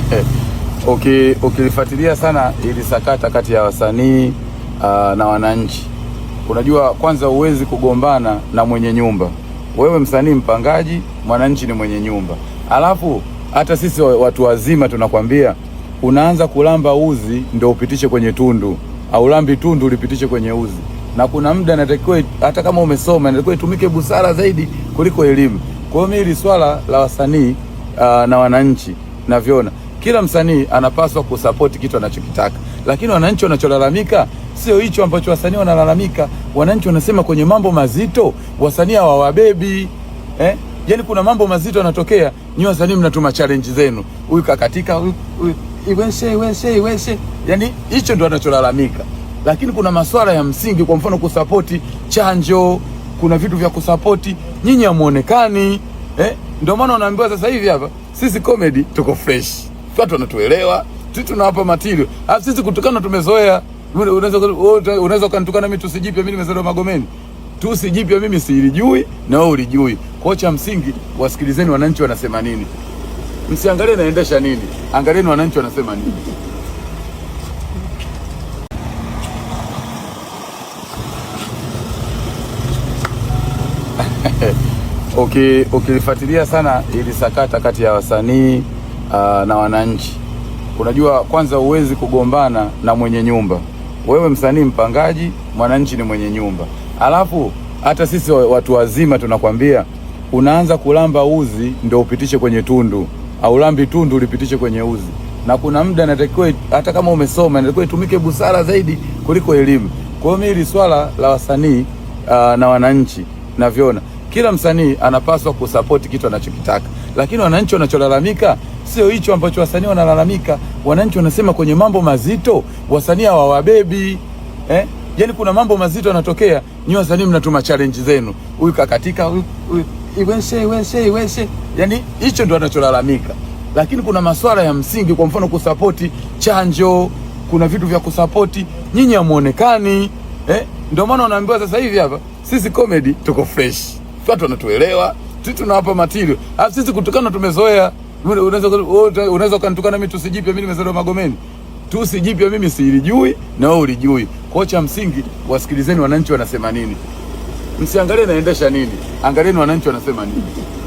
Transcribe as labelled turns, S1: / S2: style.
S1: ukilifuatilia sana ili sakata kati ya wasanii uh, na wananchi, unajua kwanza huwezi kugombana na mwenye nyumba. Wewe msanii mpangaji, mwananchi ni mwenye nyumba. Alafu hata sisi watu wazima tunakwambia unaanza kulamba uzi ndio upitishe kwenye tundu, au lambi tundu ulipitishe kwenye uzi. Na kuna muda natakiwa, hata kama umesoma, natakiwa itumike busara zaidi kuliko elimu. Kwa hiyo mimi hili swala la wasanii uh, na wananchi navyoona kila msanii anapaswa kusapoti kitu anachokitaka, lakini wananchi wanacholalamika sio hicho ambacho wasanii wanalalamika. Wananchi wanasema kwenye mambo mazito wasanii hawawabebi eh? Yani kuna mambo mazito yanatokea, nyi wasanii mnatuma challenge zenu, huyu kakatika, iweshe iweshe iweshe. Yaani hicho ndo anacholalamika, lakini kuna masuala ya msingi, kwa mfano kusapoti chanjo, kuna vitu vya kusapoti, nyinyi hamuonekani eh? Ndio maana unaambiwa sasa hivi hapa sisi comedy tuko fresh, watu wanatuelewa sisi, tunawapa material. Alafu sisi kutukana tumezoea. Unaweza unaweza ukanitukana mimi tusi mimi nimezaliwa Magomeni, tusijipya mimi silijui na wewe ulijui. Kwa cha msingi wasikilizeni wananchi wanasema nini, msiangalie naendesha nini, angalieni wananchi wanasema nini. ukilifuatilia okay, sana ili sakata kati ya wasanii uh, na wananchi. Unajua, kwanza huwezi kugombana na mwenye nyumba. Wewe msanii mpangaji, mwananchi ni mwenye nyumba. Alafu hata sisi watu wazima tunakwambia unaanza kulamba uzi ndio upitishe kwenye tundu, au lambi tundu ulipitishe kwenye uzi. Na kuna muda natakiwa, hata kama umesoma, natakiwa itumike busara zaidi kuliko elimu. Kwa hiyo mimi hili swala la wasanii uh, na wananchi navyona kila msanii anapaswa kusapoti kitu anachokitaka, lakini wananchi wanacholalamika sio hicho ambacho wasanii wanalalamika. Wananchi wanasema kwenye mambo mazito wasanii hawawabebi eh? Yani kuna mambo mazito yanatokea, nyi wasanii mnatuma challenge zenu, huyu kakatika, iweshe iweshe iweshe. Yaani hicho ndo anacholalamika, lakini kuna masuala ya msingi, kwa mfano kusapoti chanjo, kuna vitu vya kusapoti, nyinyi hamuonekani eh? Ndio maana unaambiwa sasa hivi hapa sisi comedy tuko fresh watu wanatuelewa sisi, tunawapa matirio. Alafu ah, sisi kutukana tumezoea. Unaweza ukanitukana mimi tusi mimi nimezaliwa Magomeni, tusijipya mimi siilijui na wewe ulijui. Kwa cha msingi wasikilizeni wananchi wanasema nini, msiangalie naendesha nini, angalieni wananchi wanasema nini.